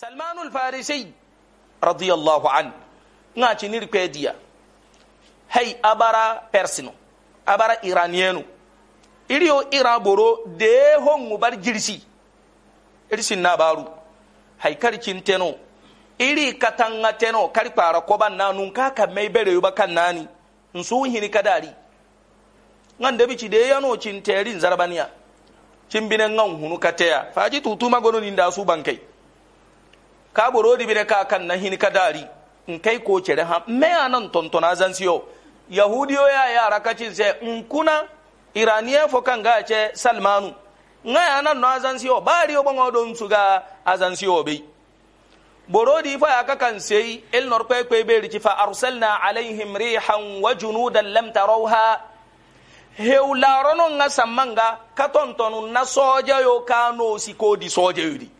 salmanu farisi radiyallahu an nga chinir pediya hey abara persino abara iranienu iriyo ira boro de hongu bar jirsi irsin na baru hay karkin teno iri katanga teno kari para nanu nanun kaka mai bere yuba kan nani nsu hini kadari ngan debi da de yano cin terin zarbaniya cimbinen ngan hunu kateya faji tutu gono da su bankai ka borodi bine ka kan na hin ka dari in kai ko cere ha me anan tontona siyo yahudiyo ya ya rakaci se in kuna iraniya fo kan ga ce salmanu nga anan no siyo bari o bango don suga azansiyo be borodi fa aka kan sei el nor pe pe be ri fa arsalna alaihim rihan wa junudan lam tarawha heularonon nga sammanga ka na soja yo kano kodi soja yudi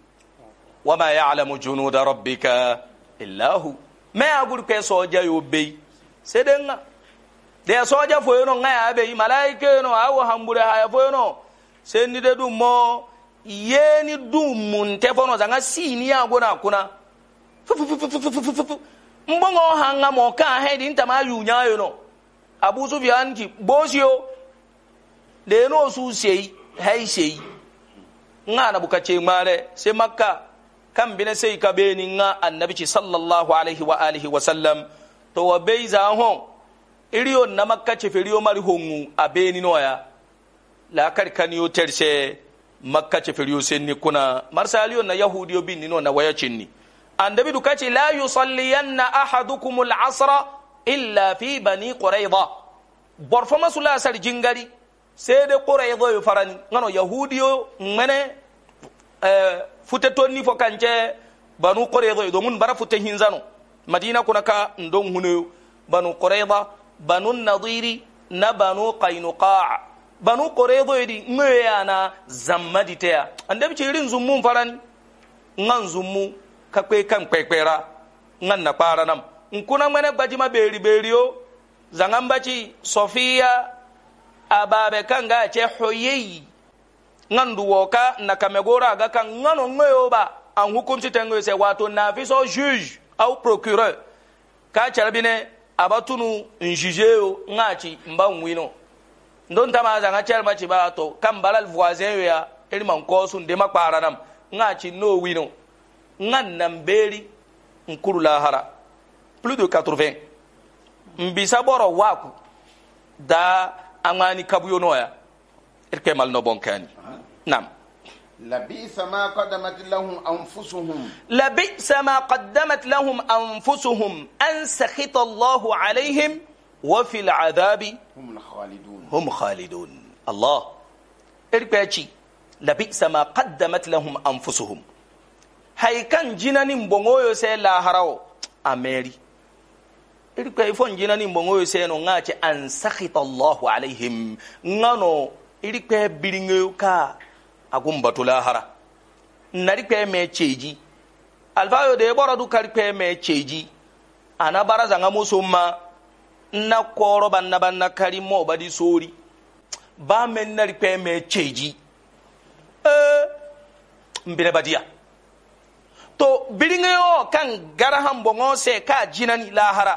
wama ya'lamu junuda rabbika illa hu me agur ke soja yo be sedenga de soja foyono ngaya be malaika no awo hambure haya foyono sendi de dum mo yeni dum mun tefono zanga sini ya gona kuna mbongo hanga mo ka hedi ntama yunya yo no abu sufyan ki bosio de no su sei hai sei ngana bukache mare se makka kan bine sai ka be ni nga annabi ci sallallahu alaihi wa alihi wa sallam to wa bai za ho iriyo na makka ce firiyo mari hongu a be ni noya la kar kan yo terse makka ce firiyo sen ni kuna marsaliyo na yahudiyo bin ni no na waya cinni annabi duka ce la yusalliyanna ahadukum al-asra illa fi bani quraidah borfo masula sar jingari sai da quraidah yo farani ngano yahudiyo ngene Eh, fute tonni fo kance banu qurayda ido mun bara fute hinzano madina kuna ka ndon huneyo banu qurayda banu nadiri na banu qainuqa banu qurayda idi ngeyana zammadi teya andem ci irin zummun farani ngan zummu ka kwe kan kwekwera ngan na kpara nam nkuna ngmene gbajima beri beri yo zangan baci sofiya ababe kan ga ce hoyeyi ngan duwo ka na kamegora ga kan ngano ngayo ba an hukunci tango sai wato na fi so juge au procureur ka charbine abatunu njijeo ngachi mba nwino ndon tama za ngachar machi ba to kan balal voisin ya iri man ko sun de makpara nam ngachi no wino ngan nan beri nkuru lahara plus de 80 mbisa boro waku da amani kabuyo noya الكمال نبون كان نعم لبئس ما قدمت لهم أنفسهم لبئس ما قدمت لهم أنفسهم أن سخط الله عليهم وفي العذاب هم خالدون هم خالدون الله إرباتي لبئس ما قدمت لهم أنفسهم هاي كان جناني مبونغويو سي لا هراو أميري إرباتي فون جناني مبونغويو سي نغاتي أن سخط الله عليهم نانو iri kpe biriŋe ka agum bato hara nari kpe me ceji alfayo de bora du kari kpe mɛ ceji ana bara zanga musumma na koro banna banna kari mo di sori ba mɛ nari kpe me ceji eh mbire to biriŋe yo kan gara hambongo se ka jinani lahara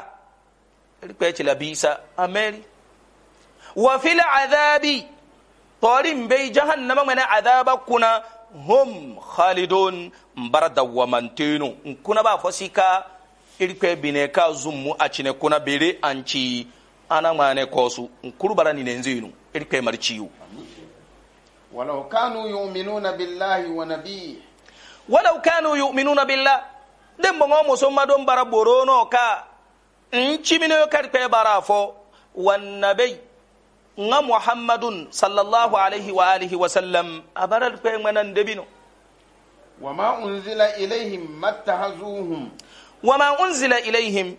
iri kpe bi sa ameri wa fil azabi tori mbe jahannama ngene adaba kuna hum khalidun mbara dawamantenu nkuna ba fosika irikwe bine ka zummu a cine kuna bere anci ana ngane kosu nkuru bara ni nenzinu irikwe marciyu walau kanu yu'minuna billahi wa nabiyyi walau kanu yu'minuna billah den bongo musomma don bara borono ka ncimino yo karikwe bara fo wannabi nga muhammadun sallallahu alaihi wa alihi wa sallam abaral kwe ngmanan debino wama unzila ilaihim mattahazuhum wama unzila ilaihim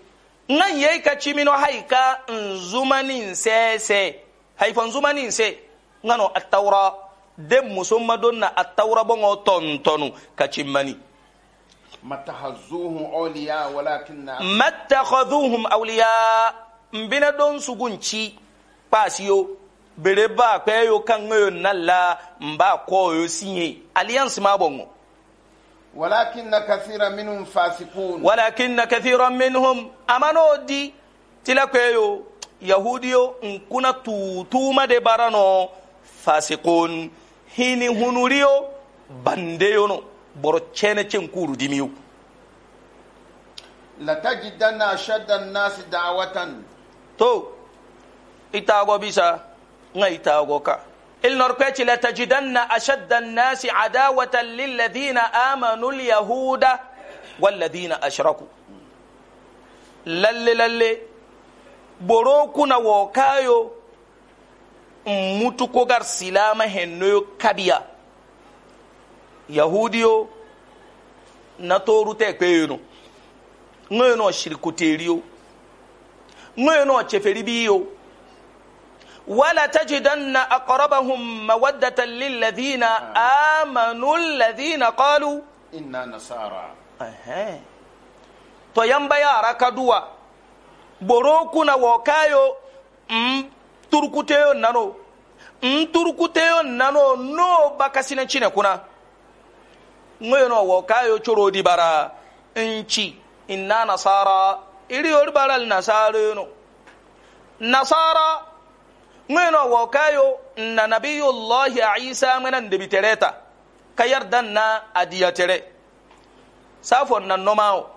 nga yei ka cimino haika nzumanin sese haifan nzumanin se nga no attaura dem musomma don na attaura bongo tontonu ka cimmani mattahazuhum awliya walakinna mattakhadhuhum awliya mbina don sugunci kpasiyo bere ba kan yo nalla mba yo siye alliance ma bon walakinna kathira minhum fasiqun walakinna kathira minhum amano di tila yo yahudiyo nkuna tutuma de barano fasiqun hini hunuriyo no boro cene cenkuru dimiyo latajidanna ashadda annasi dawatan to itago bisa nga itago ka ilnor peci latajidanna ashadda annasi adawatan ladina amanu wal ladina ashraku lalle lalle boro kuna wo kayo mutu silama henno kabiya yahudiyo na torute kpeyeno ŋoyo no shirikuteriyo ŋoyo no cheferibiyo ولا تجدن اقربهم موده للذين امنوا الذين قالوا انا نصارى اها تو يامبا يارا كدوا بوروكو وكايو ام تركوتيو نانو ام تركوتيو نانو نو باكاسين تشينا كنا ngoyo no wokayo choro di bara nchi inna nasara iri نصارى baral mino wo kayo na nabiyullahi isa mina ndebi tereta kayar danna adiya tere safo na nomao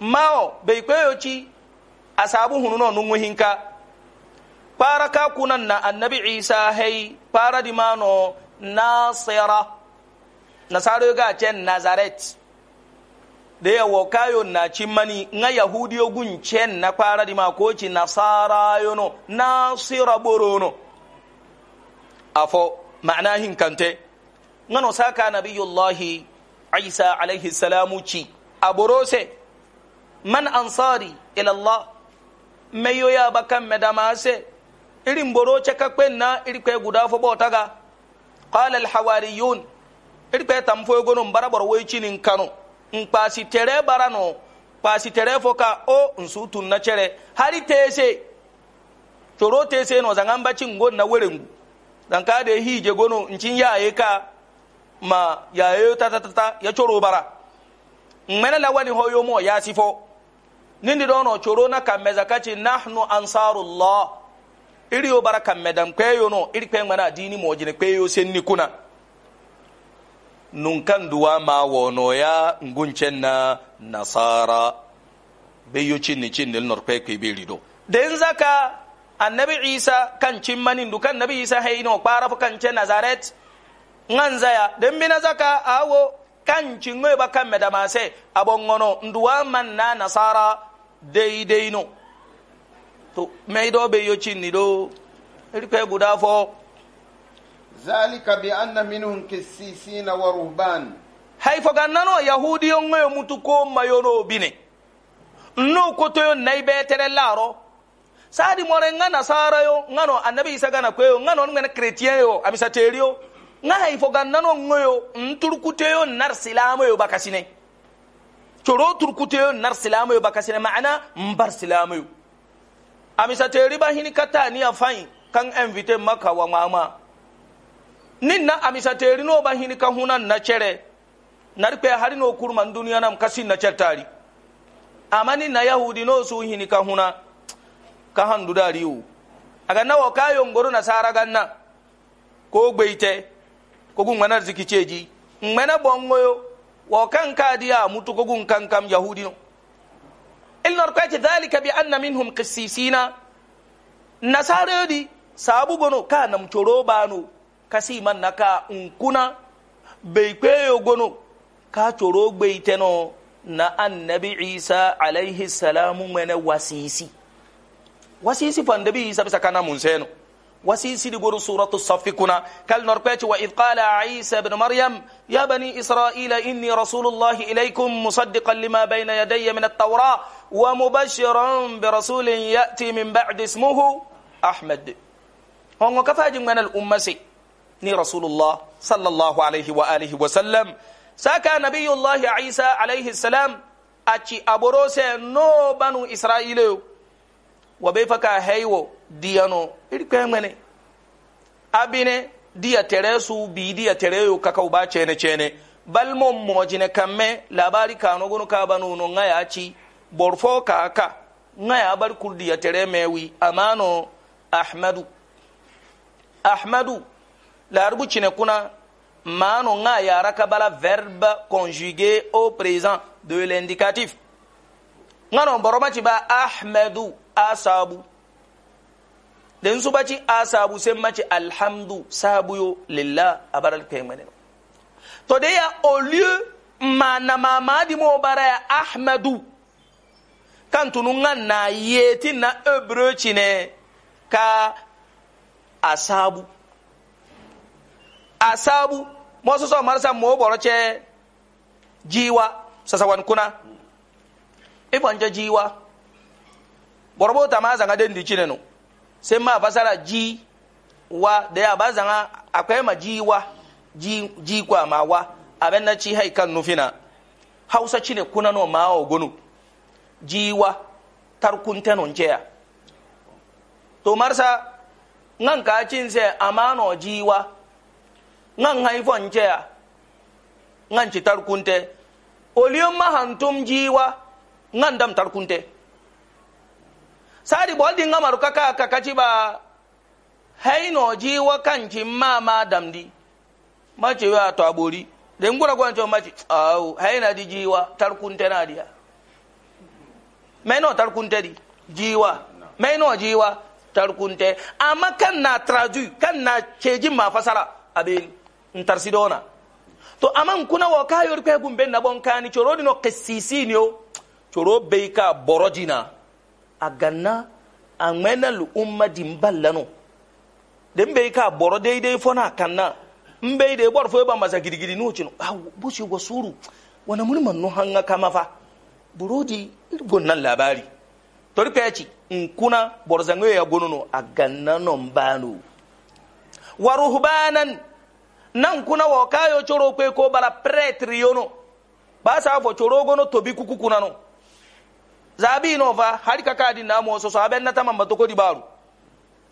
mao be kweyo chi asabu hununo nungu hinka para ka kunan na annabi isa hay para di mano nasira nasaro ga chen nazareth da yawo wokayo na mani, nga yahudiyo gun cen na fara di ma koci na nasira borono afo ma'ana hin kante nga saka nabiyullahi isa alayhi salamu ci a borose man ansari ila allah meyo ya bakan medamase irin boroce kakpen na irikwe guda fo ga qala alhawariyun irikwe tamfoyo gonon barabor woycinin kano nkpasi tere bara no kpasi tere fo ka o nsu tun na chere hali tese coro tese no zanga mbachi ngo na werengu dan ka de hije gono nchin yaye ka ma yaye ta ta ta ya coro bara mmene la wani hoyo mo ya sifo nindi do no coro na kameza kachi nahnu ansarullah iri yo bara kamedam kweyo no iri kwen mana dini mo jine kweyo senni kuna nunkan duwa ma wono ya nguncen na nasara bayu cinni cinni ke kwe do. den zaka annabi isa kan cimmanin du kan nabi isa hayno kpara fo kan cin nazaret ngan zaya den bina zaka awo kan cingoy ba kan abon abongono nduwa man na nasara deidei no to meido bayu cinni do irpe guda fo dhalika bianna minhum kisisina wa ruhban hay fogannano yahudiyo ŋoyo mutu ko mayono bine nno kotoyo nayi betere laro sadi more ŋa yo ngano annabi isa gana kweyo ngano ŋene chrétien yo amisateriyo ŋa hay fogannano ŋoyo nturkuteyo nar yo bakasine coro turkuteyo nar yo bakasine maana mbar amisa amisateri bahini kataniya fayi kan invité maka wa ninna na amisateri no ba hini kan hunan na cere nari kpe hari no kurman duniya nam kasin na certari amma na yahudi no su hini kan huna ka handu dariyu aga nawo ngoro na sara ganna ko gbeite ko gun manar ziki ceji ngmena bongoyo wo kan ka diya mutu ko gun kan kam yahudi no ilnor kwece dalika bi anna minhum qissisina nasaredi sabu gono kana nam coro kasi man naka ka nkuna beikweyo gono ka coro gbeiteno na annabi isa alaihi salamu mene wasisi wasisi fa annabi isa bisa kana munseno wasisi di goro suratu safikuna kal norpechi wa idh qala isa ibn maryam ya bani israila inni rasulullahi ilaikum musaddiqan lima bayna yadayya min at tawra wa mubashiran bi rasulin ya'ti min ba'di ismuhu ahmad hongo kafaji mene al ummasi رسول الله صلى الله wa وآله وسلم ساكا نبي الله عيسى عليه السلام أتي أبروس نو بنو إسرائيل وبيفكا هيو diano إلكمني أبيني diya tere su bi diya tere yo kakau ba cene cene balmon mojine kamme labari kano gonu ka banu no ngaya ci borfo ka ka ngaya bar kurdiya tere mewi amano ahmadu ahmadu largu cine kuna mano nga yara kabala verbe conjugué au présent de l'indicatif nga non boromati ba ahmedu asabu den ci asabu sen maci alhamdu sabu yo lillah abaral kemene to de ya au lieu mana di mo bara ya ahmadu kan tunu nga na yeti na hebreu cine ka asabu asabu mososo marasa mo boro che jiwa sasa wan kuna ibonjo jiwa borobo tama zanga den di chinenu sai ma fasara ji wa da ya ba zanga akwai ma ji wa ji ji kwa ma wa abin na ci hai nufina hausa cine kuna no ma o gonu ji wa tarkun tenon to marsa nan ka a sai amano ji wa nga ngai vonjea nga nci tarkunte olio ma hantum jiwa nga ndam tarkunte sadi boldi nga maruka ka kakaci ba haino jiwa kanci ma ma damdi mace wa to abori den gura gwan to mace aw haina di jiwa tarkunte na dia maino tarkunte di jiwa maino jiwa tarkunte amma kan na traduit kan na ceji ma fasara abeni ntarsidona to aman kuna wo ka kwe gumbe na bon kani choro dino qissisi ni o choro be ka borojina aganna amena lu umma dimballano dem be ka boro deidei fona kanna mbe de bor fo ba masa gidigidi no chino ah bushi go suru wana mun man no hanga kama fa burodi gonnan labari tori peci nkuna borzango ya gonono aganna non banu waruhbanan nan kuna wo ka yo coro kwe ko bara pretre yono ba sa fo coro gono to bi kuku kuna no zabi no fa har ka ka din namo so so aben na tamam ba to ko di baru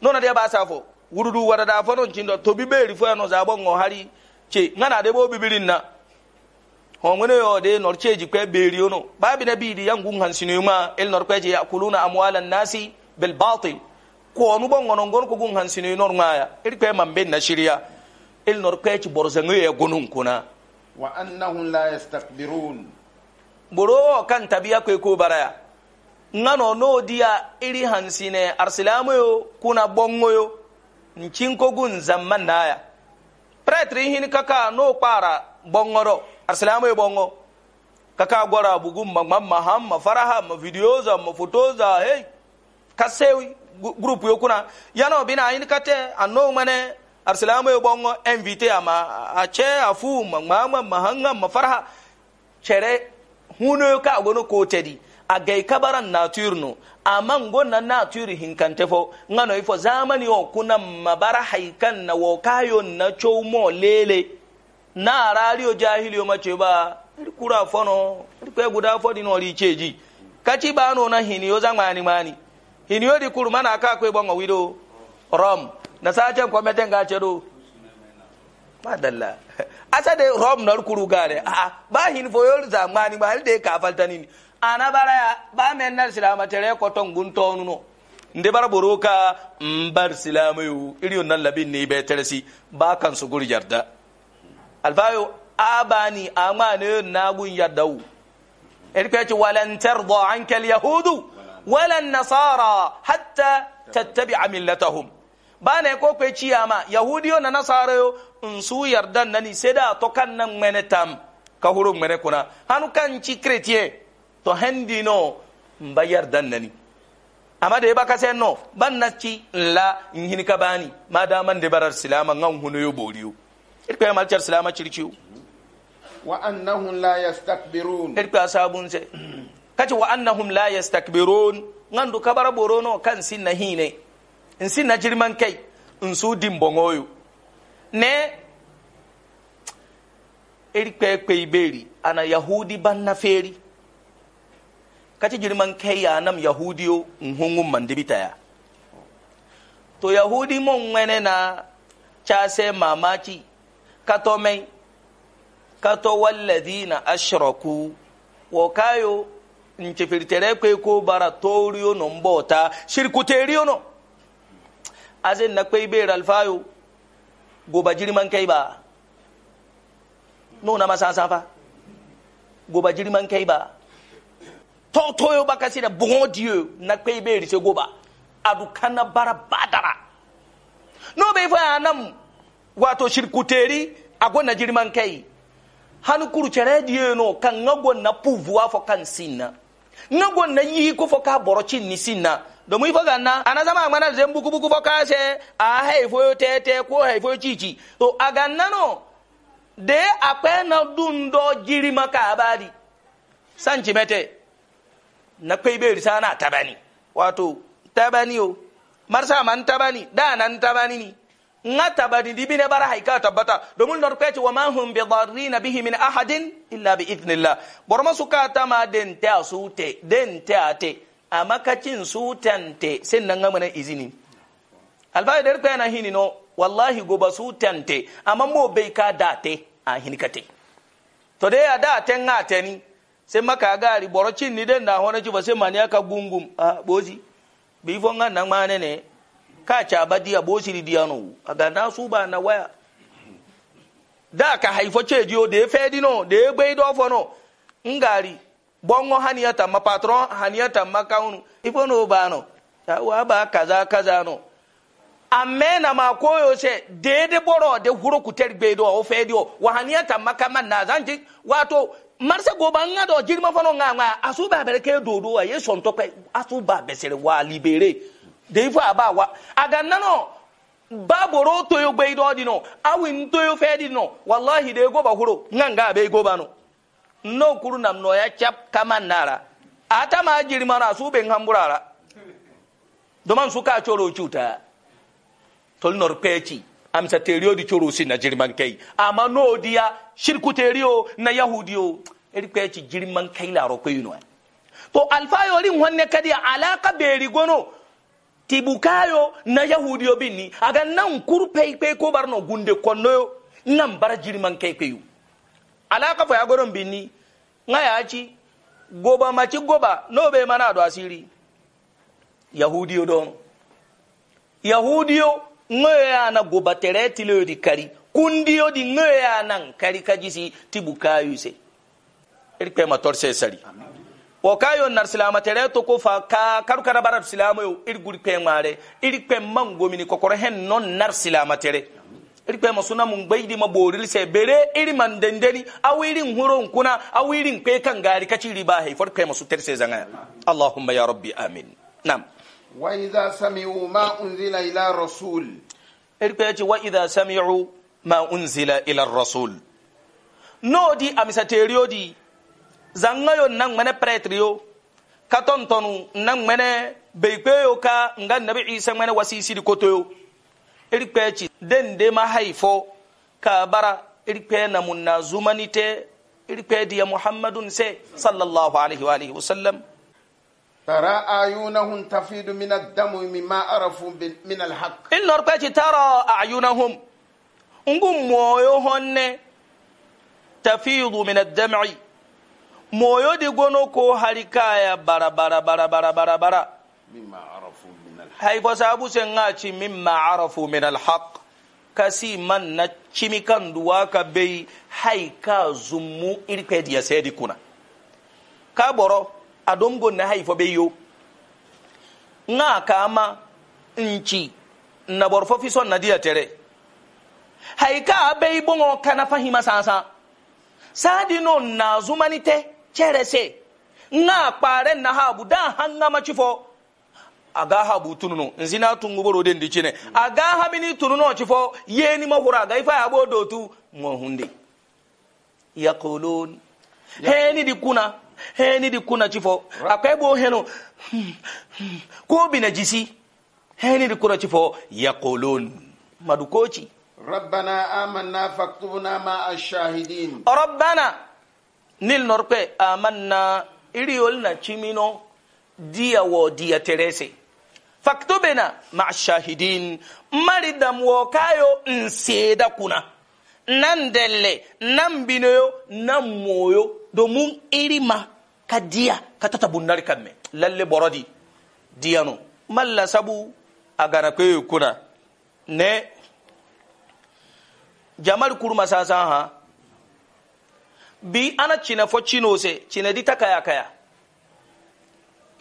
no na de ba sa fo wurudu wada da fo non cindo to bi beri fo no zabo ngo hari che ngana de bo bibirin na ho ngene yo de nor cheji kwe beri yono ba bi na bi di yangun hansinu ma el nor kwe je yakuluna amwalan nasi bil batil ko onu bon ngonon gon ko gun hansinu nor ngaya iri mambe na shiriya il nor kweci borzengu ye gunun kuna wa annahum la yastakbirun boro kan tabiya kwe ko baraya ngano no dia iri e hansine arsilamu yo kuna bongo yo nchinko gun zamman naya pretri hin kaka no para bongoro arsilamu yo bongo kaka gora bugu mamma maham mafaraha mavideoza mafotoza hey kasewi group yo kuna yano bina hin kate anno mane arsilama yo bongo invité ama a che a fu ma ngama ma hanga ma farha chere huno ka gono ko tedi a gai kabaran natur no amma ngonna natur hinkante fo ngano ifo zamani o kuna mabara haikan na wo kayo na chomo lele na radio jahili o mace ba kura fono kwe guda fodi no ri cheji kachi ba no na hiniyo zamani mani hiniyo di kuruma na ka kwe bongo wido rom na sace kwamitin ga ciro madalla asa de rom na rukuru gare a ba hin foyol zamani ba hal de ka faltani ni ana bara ya ba men na silama tere ko ton gun tonu no nde bara boroka mbar silama yu iriyon nan labin ni be teresi ba kan su guri yarda alfayo abani amane na gun yarda wu erkeci walan tarda anka al yahudu wala nasara hatta tattabi'a millatahum bana ko kwe ciyama yahudiyo na nasarayo na yardan sai da to kan nan mene tam ka huru mene kuna hanu kan ci kretiye to hendi no ba yardan ni amma da ba ka sai no ban na ci la hin ka bani ma da man da barar silama ngan hunu yo boriyo irko ya malchar silama circiu wa annahum la yastakbirun irko asabun sai kace wa annahum la yastakbirun ngandu kabara borono kan sinna hine nsi na jiriman kai nsu di mbongoyo ne eri kwe iberi ana yahudi banna feri kati jiriman kai ya nam yahudi yo nhungu mandibita ya to yahudi mo ngwene na chase mamachi kato mai kato walladina ashraku wakayo kayo kwe kubara toriyo no mbota shirkuteriyo no azin na kpei ɓeera alfayo goba jirman kai ba nuna masa safa goba jirman kai ba totoyo baka sida bon dieu na kpei ɓeeri se goba adu kana bara badara no ɓe fa anam wato shirkuteri ago na jiriman kei hani kurucere dieu no kan ŋa na pouvoir fo kan sinna ŋa go na ko fo ka boro ni sinna domin ifo ganna ana zama mana zan buku buku se a haifo yo tete ko haifo yo cici to aganna no de apena na dun do jiri maka abadi sanci mete na kai be risa na tabani wato tabani yo marsa man tabani da nan tabani ni nga tabani dibi ne bara haika tabbata domin lor pece wa man hum bi darrina bihi min ahadin illa bi idnillah borma suka tama den ta su te den ta te makacin kacin tante sen nan ngamana izini da rikwaya na hini no wallahi goba tante amma mo bai ka date a hinikate to dai a daten a tani sai maka gari borocin ni den da hona ci ba sai mani aka gungun a bozi bi fo ngan nan mane ne ka ca badi a bozi di diano aga na su ba na waya da ka haifo ce jiyo da ya fedi no da ya gbai dofo no ngari bongo haniya ma patron haniya tamma kawunu ifo no bano wa ba kaza kaza no amme na ma koyo se dede boro de huro kuter gbedo o di o wa haniya tamma kama na zanji wato marse go ba ngado jirma fono nga nga asu ba bere ke dodo wa yeso ntope asu ba besere wa libere de ifo aba wa ba bor'o to baboro toyo gbedo di no awin toyo di no wallahi de go ba huro nga nga be go ba no no kuru nam no ya chap kama nara ata ma jiri mara su ben hamburara doman su ka choro chuta tol nor am sa terio di choro si na man kai ama no diya shirku terio na yahudio eri jiri man kai la ro kwino to alfayorin wanne kadi alaka beri gono tibukayo na yahudio binni aga nan kurpei pe ko barno gunde konno nan bara man kai peyu alaka fa ya goron binni ngaya ya ci goba maci goba no be mana do asiri yahudiyo don yahudiyo ngoyo ya na goba tere tilo di kari kundiyo di ngoyo ka nan kari kajisi tibu kayu se irpe ma torse sari ka kayo nar silama tere to ko fa ka karu kara barat silama yo irguri pe ngare irpe mangomini kokore hen non nar silama tere irikpe masuna mun gbai di maboril se bere iri man dendeni awirin huro awirin kwe kan gari kaci riba haifar kai masu terse zanga Allahumma ya rabbi amin nam wa sami'u ma unzila ila rasul irikpe yace wa idza sami'u ma unzila ila rasul no di amisaterio di zanga yo nan mane pretrio katontonu nan mane beikpe yo ka nga nabi isa mane wasisi di irikpe ci den de ma haifo ka bara irikpe na munna zumanite irikpe diya muhammadun se sallallahu alaihi wa alihi wasallam ترى أعينهم تفيض من الدم مما عرفوا من الحق إن نرقى ترى أعينهم نقوم مويوهن تفيض من الدمع مويو دي غنوكو هلكايا برا برا برا برا برا برا مما عرفوا haifa sabu sen nga ci min arafu min alhaq kasi man na cimi kan duwa ka bai haika ka zummu irpe diya sedi kuna ka boro adongo na haifa bai yo nga ka ma nci na borfo fi son na diya tere ka bongo kana fahima sansa sadi no na zumanite cere se nga kpare na habu da hanga cifo agaha bu tununo nzina tunguboro den dicine agaha mini tununo cifo yeni mahura ga ifa yabo dotu mohunde yaqulun heni di kuna heni di kuna cifo akwai bo heno ko bina jisi heni di kuna cifo yaqulun madukoci rabbana amanna faktubna ma ashahidin rabbana nil norpe amanna iri yol na chimino diya wo diya terese faktubena mashahidin mari damwokayo nseda kuna nan delle nan binoyo nan moyo domin irima ka katata bundari tata bunnar kanme lalle borodi diyano malla sabu agana kwe kuna ne jamal kuruma sasa ha bi ana china fo cino se cina di ta kaya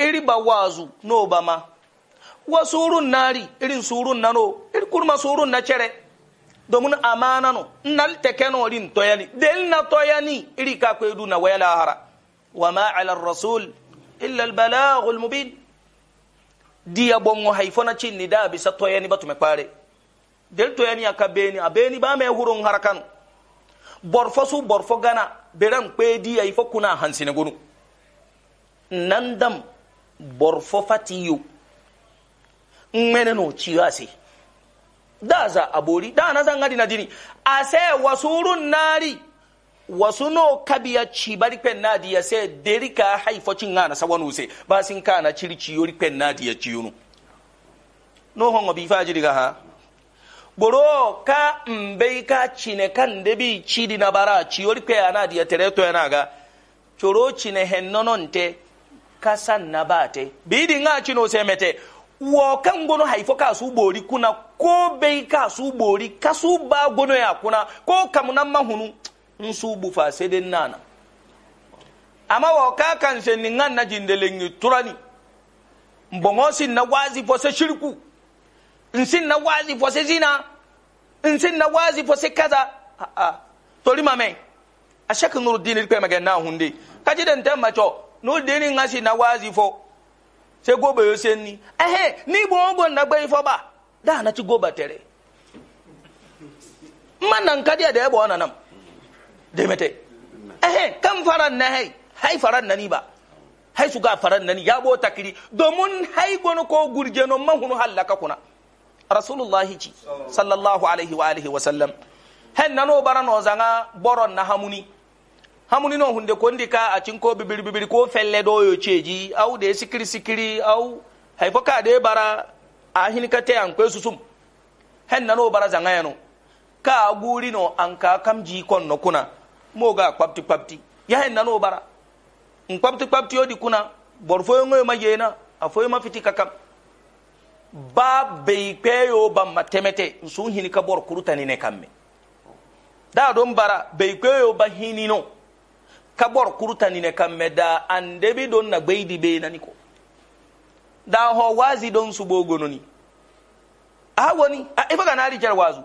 iri bawazu no ba wa surun nari irin surun nano ir kurma surun na cere domin amana no nal tekeno rin toyani del na toyani iri ka ko edu na wayala hara wa ma ala rasul illa al balaghul mubin diya bongo haifona cinni da bisa toyani batume pare del toyani aka abeni ba me hurun harakan borfo borfo gana beran kwe diya ifo kuna hansine gunu nandam borfo fatiyo mene no ciwa se da za abori da na zanga na dini a se wasurun nari wasu no kabiya ci bari pen nadi ya se derika k'a cin ngana sawanu se ba sin na ciri ci yori pen nadi ya ci yunu no bi fajiri ga ha boro ka mbe ka cine kan debi ci dina bara ci yori pe ana ya tere to yana ga coro cine hen kasan na bate bidi nga cino se wo kan gono haifo ka su bori kuna ko bai ka su bori ka su ba gono ya kuna ko kamunan mahunu in su bufa sai dai nana amma wa ka kan ni ngan na jindelen yi turani mbongo sin na wazi fo se shirku in sin na wazi fo se zina in sin na wazi fo se kaza a a tori mame a shaka nuruddin ilpe magan na hunde kaji dan tan macho nuruddin ngasi na wazi fo se chegoba se ni eh eh ni bo ngo na gbe fo ba da na ti chigoba tere man nan ka dia de bo na nam de mete eh eh kam faran na hay hay faran na ni ba hay su ga faran na ni ya bo takiri domin hai gono ko gurje no man hunu halaka kuna rasulullahi ci sallallahu alaihi wa alihi wa sallam hen nano barano zanga boron na hamuni hamunino hunde kondi ka a cinko bibiri bibiri ko felle ɗo yo ceeji aw ɗe sikiri sikiri aw hay ko ka ɗe bara a hinkate an koe susum hen nano bara zagayano ka a guurino an ka kam jiikon no kuna mooga kpabti kpabti yahen nano bara n kpabti kpabti yo ɗi kuna bor foyoŋoyoma yeena a foyoma fitika kam ba bei kweyo bamma temete n sun hinika bor kurutanine kamme da ɗon bara bei kweyo ba hinino ka bor kurtanine kamme da an debi don na gbeydi benani ko da ho wazi don su suɓogononi a woni a ifa ganari cer wasu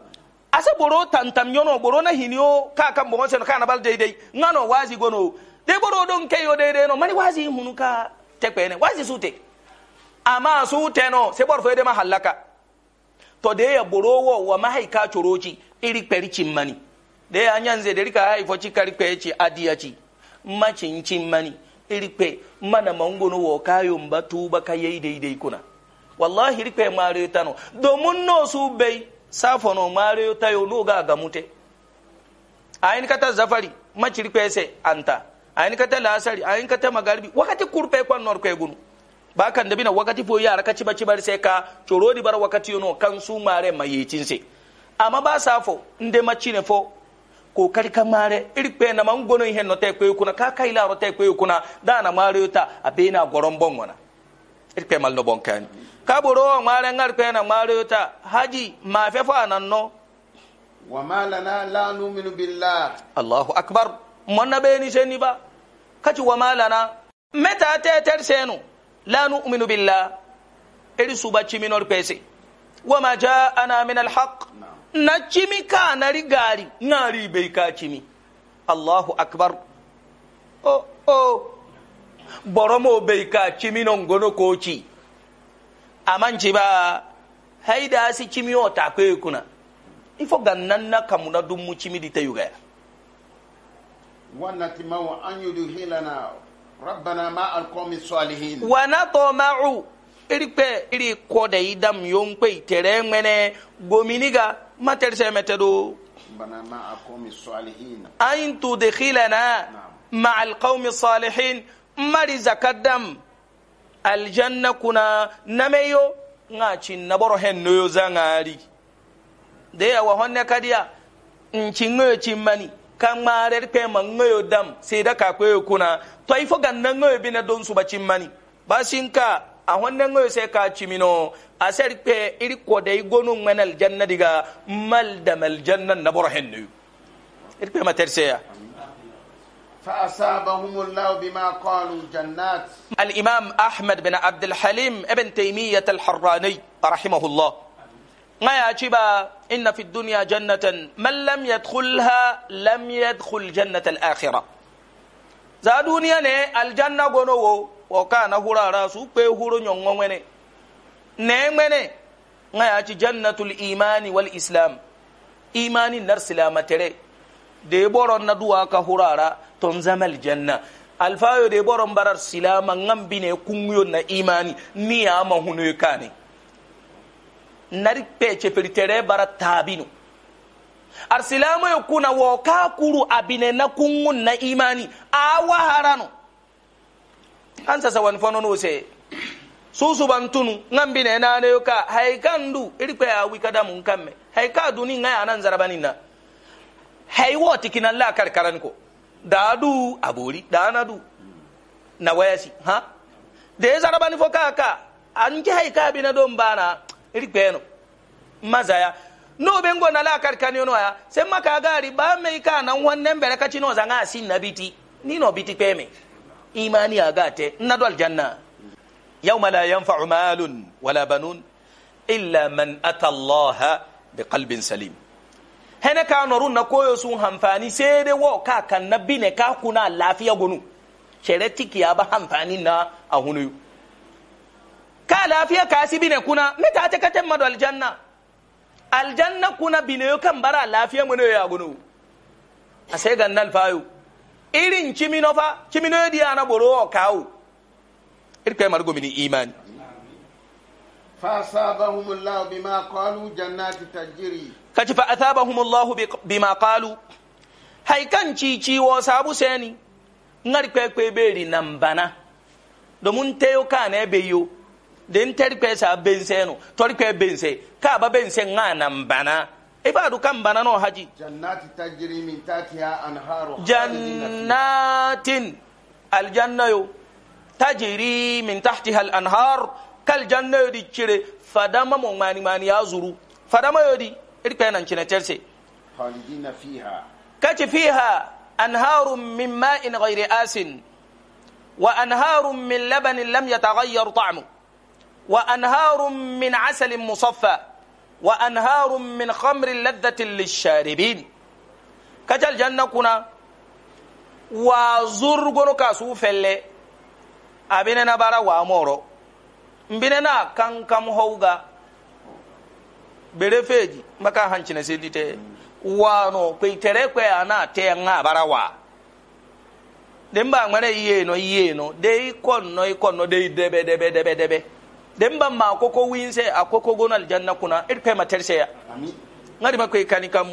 ase boro tantam yono boro na hinio ka kan bongo seno kana bal deidei ngano wazi gono de boro don keyo deidei no mani wazi hunu ka tekpene wazi sute amma sute no se bor fede ma halaka to de ya boro wo wa mahai ka chorochi iri peri mani de ya nyanze de rika hai fo kari pechi adiachi ma mani irpe mana mangono wo kayo mba tuba ka yei dei kuna wallahi irpe mare tano domin no su bei safono mare tayo no ga gamute ayin kata zafari ma se anta ayin kata lasari ayin kata magarbi wakati kurpe kwa norkwe gunu ba kan da bina wakati fo yara ka ciba cibar sai ka coro di bar wakati yono kan su mare mayitin se amma ba safo inde macine fo kokari ka mare pe na mangono ihen no ko yukuna ka kai la ro ko yukuna da na mare yuta abena goron iri pe mal no bonkan ka boro mare pe na mare yuta haji ma fe fa nan no wa ma lana la nu'minu billah allahu akbar monna be ni seni ba ci wa ma lana meta ter senu la nu'minu billah iri suba ciminor pese wa ma ja'ana min al-haq no. na cimi ka na rigari na ribai ka cimi allahu akbar oh o boromo bai ka cimi non gono koci amanci ba haida si cimi o ta kwe kuna ifo gannan na kamuna dummu cimi di ta yugaya wannan timawa an yi duhilana rabbana ma alkomi salihin wana to ma'u irpe iri kodayi dam yon kwe tere gomini gominiga ما ترسى متدو أن تدخلنا ma'al القوم salihin mari zakadam aljanna kuna nameyo nga cinna boro hen noyo zangari de yawa honne kadiya mani kan ka ŋmarer pema ŋoyo dam seda kakweyo kuna to ifo ganna bi na don ba cimmani basinka ahondengoyo se ka cimino asari kpe iri kodai gonu ŋmene aljanna diga maldam aljanna naboro hennoyu iri kpe materseya فأصابهم الله بما قالوا جنات الإمام أحمد بن عبد الحليم ابن تيمية الحراني رحمه الله ما يجب إن في الدنيا جنة من لم يدخلها لم يدخل جنة الآخرة زادوني أنا الجنة قنوه o kana hurara su kpe huru nyongo ŋwene ne nga ya ci jannatul imani wal islam imani nar silamatere de boron na duwa ka hurara ton zamal janna alfayo de boron barar silama ŋan bine kunguyo na imani ni ama hunoyo kane nari kpe tere bara tabinu ar yo kuna wo ka kuru abine na kungun na imani a an sasa wan fono no se susu bantunu ngambi ne na ne ka haikandu iri ya wika kada mun kamme ka duni ngaya anan zarabani na haiwo tikina la karkaran ko dadu abori danadu na wayasi ha de zarabani fo kaka an ki haika bi na don bana irikwe no mazaya no be na la karkani no ya sema ka gari ba me ka nan wannan bere kaci no zanga sin nabiti ni no biti peme imani agate nnadu aljanna yauma la yanfau malun wala banun illa man ata allaha biqalbin salim hene ka noru na koyo sun hamfani sai dai wo ka kan na bine ka kuna lafiya gonu shere tiki ya ba hanfani na a hunu ka lafiya ka si bine kuna me ta ta katen madu aljanna aljanna kuna bine kan bara lafiya mu ne ya gonu a sai nan fayo irin cimino fa cimino di ana boro o kawo iri kai margo mini imani fa asabahum allah bima qalu jannati tajri kaci fa asabahum allah bima qalu hay kan ci sabu seni ngari kwe kwe beri nambana domun teyo kana ebe yo den teri kwe sa bense no tori kwe bense ka ba bense nga nambana ibadu kan banano haji jannati tajri min tatiha anharu jannatin aljanna yo tajri min tahtiha al-anhar kal janna yo di fadama mo mani mani ya zuru fadama yo di iri kayna cine terse khalidina fiha kaci fiha anharu min ma'in ghayri asin wa anharu min labanin lam yataghayyar ta'mu wa anharu min asalin musaffa wa anharun min khamrin ladhatin lisharibin kacal janna kuna wa zurgono ka su felle abinena bara wa moro mbinena kankam howga bere feji maka hancina sedite wano kwe tere kwe ana te nga bara wa demba ngwana yeno yeno dei konno ikonno dei debe debe debe debe den ban ma koko winse a koko gona aljanna kuna ir pe ma terseya ngari ma kwe kani kam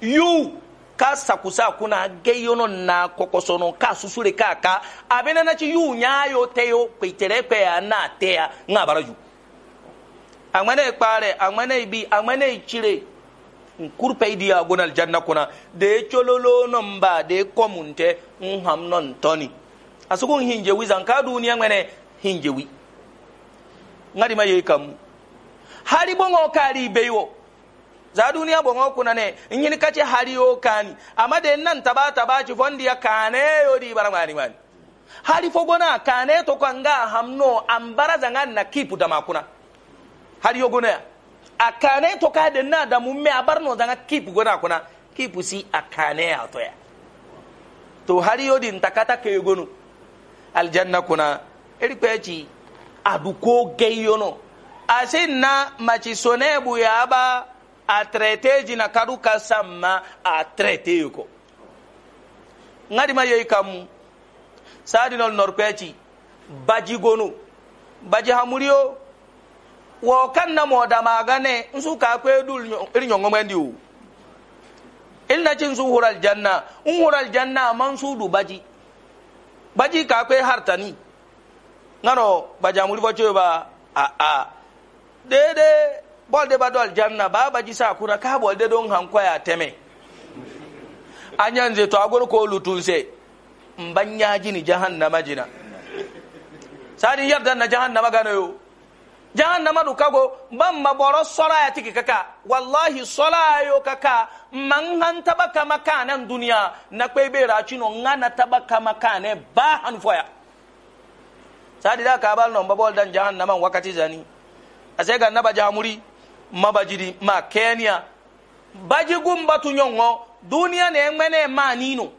yu ka sakusa kuna geyono na kokosono ka susure ka ka abena na ci yu nyayo teyo kwe tere kwe na teya ngabara yu amane kpare amane bi amane chire nkurpe idi ya gona aljanna kuna de chololo no mba de komunte nham non toni asukun hinje wizan ka duniya ngene hinje wi ŋarima yei kammu hari boŋo kaari beyo za dunia bongo kuna ne nyini kati hali o ama amade nan tabata ba tabaci fondi ya kane yo di barangani man hali fogona kane to kanga hamno ambara ŋani na kipu da makuna hali yogona akane to ka de na da mumme abarno zanga kipu gona kuna kipu si a kaaneya ya to hali hariyo din takata yogonu aljanna kuna eri kpeci Abuko ko geyyono asin na maci sonebu yaba a traité jina kadu ka samma a traité ko ŋadima yeyi kammu sadinol norpeci baji gonu baji hamuriyo wo kan na modamagane nsu ka kwe dul iri ñogomendi u il na cin su hural janna n hural janna man sudu baji baji ka kwe hartani ngano bajamuli facoyo ba aa dede bolde bado ba ba jisa kuna ka de don hankoya teme anyanze to agor ko lutunse mbanyaji ni jahannama jina sadi yarda na jahannama gano yo jahannama du kago bamma boro sora ya tiki kaka wallahi sora yo kaka man han tabaka makana dunya na kwebe ra chino ngana tabaka makane ba han foya sadi da ka bal non babol dan jahannama wakati zani ase ga naba jamuri mabajidi ma kenya baji gumba tunyongo duniya ne mene ma nino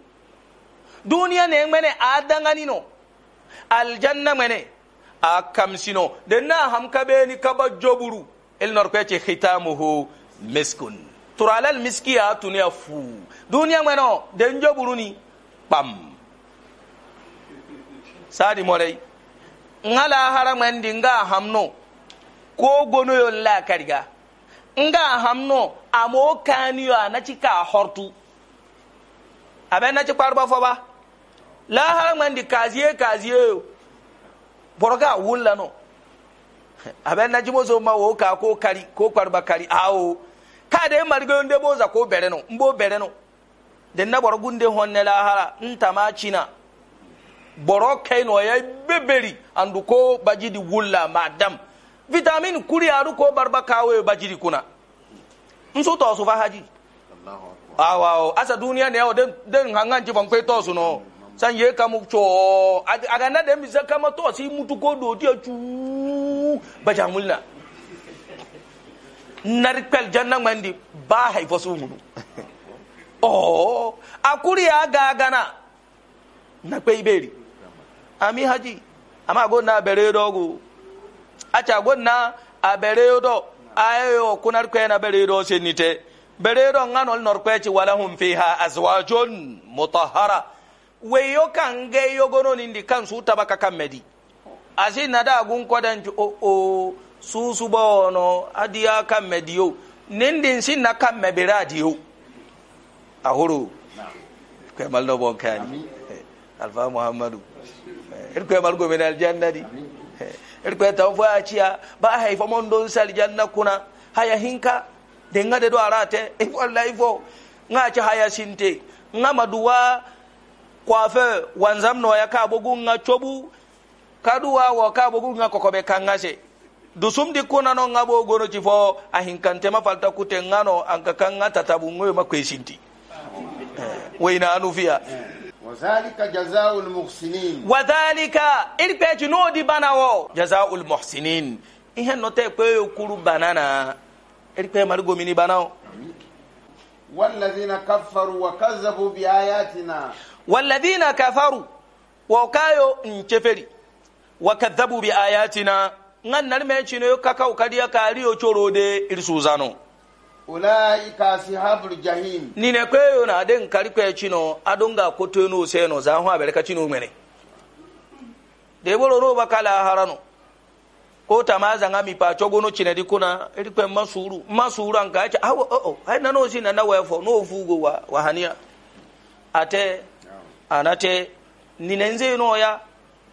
duniya ne mene adanga nino aljanna mene a kamsino den na hamka beni kaba joburu il norkwece khitamuhu miskun turalal miskiya tuniya fu duniya mene den joburu ni pam sadi morai ngala haramandi nga hamno ko gono yo la kariga nga hamno amo kaniyo anaci ka hortu abe naci fo ba la haramandi kaziye kaziye yo boroga wulla no abe naci moso ma wo ka ko kari ko kparba kari awo ka de marigoyo nde boza ko bere no mbo bere no den na borogunde honne lahara ntama cina boro kaino ya beberi andu ko bajidi wulla madam vitamin kuri aru ko barba kawe bajidi kuna nso to so fa haji awa asa duniya ne o den den hangan ji bankwe to so no san ye kamu cho aga na dem bisa kama to si mutu ko do ti chu bajamulna narikpel janna ngandi ba hay fosu munu oh akuri aga gana na pe iberi ami haji ama gonna bere dogo aca gonna a bere do ayo kunar kwe na bere do senite bere do nganol nor kwe ci wala hum fiha azwajun mutahhara weyo kange yogono nindi kan su tabaka kamedi asi nada gun kodan o oh, o oh, susu bono adiya kamediyo nindin sin na kamebira adiyo ahuru kai maldo bonkani eh, alfa muhammadu irko margo min di irko tan fo aciya ba hayfa mon don sal janna kuna haya hinka de ngade do arate if wallahi fo nga ci haya sinte nga maduwa kwafe wanzam no ya ka bogu nga chobu kaduwa wa ka bogu nga kokobe kangase dusum di kuna no nga bogo no ci fo ahinkante ma falta kute ngano anka kanga tatabu ngoy ma kwesinti wayna anufiya وذلك جزاء المحسنين وذلك إلبج نودي بناو جزاء المحسنين ايه nnọta ekwe okuru banana erikpe marigo ميني بناو والذين كفروا وكذبوا بآياتنا والذين كفروا وكايو انشفري وكذبوا بآياتنا ngan nalime chino yo kaka ukadiya kali yo chorode irisuzano ulaika ashabul jahim nine kweyo na den kali kwe chino adonga koto no seno za ho abereka chino mene de bolo ro bakala harano ko tamaza ngami pa chogono chine dikuna eri kwe masuru masuru anka cha awo o oh, o oh, hai nano shi na nawe fo no fugo wa wahania ate anate ninenze no ya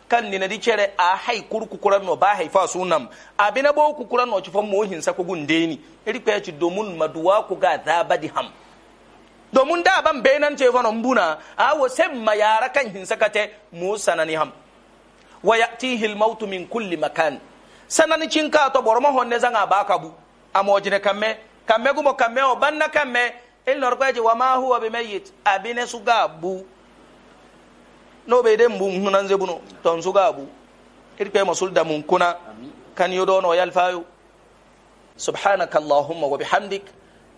kan ni na dikere a hai kurkukuran no ba haifa sunan abina bo kukuran no cifan mo hinsa kugun gunde ni iri pe ci domun maduwa ku ga zabadi ham domun da ban benan ce fa mbuna a wo sem ma yara kan hinsa kate mu sanani ham wa yatihi al min kulli makan sanani ka to boroma honne zanga ba kabu amojine kamme kamme gumo kamme o banna kamme e il norko wa ma huwa bimayit abine bu. no ɓe den mbu huna zebuno ton suga abu iri kwe masul da mun kuna kan yi dono yal fayo subhanaka allahumma wa bihamdik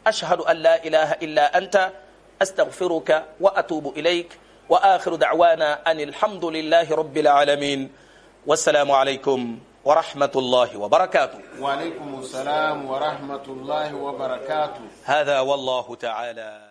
ashhadu an la ilaha illa anta astaghfiruka wa atubu ilaik wa akhiru da'wana an alhamdulillahi rabbil alamin wassalamu alaikum wa rahmatullahi wa barakatuh wa alaikum assalam wa rahmatullahi wa barakatuh hadha wallahu ta'ala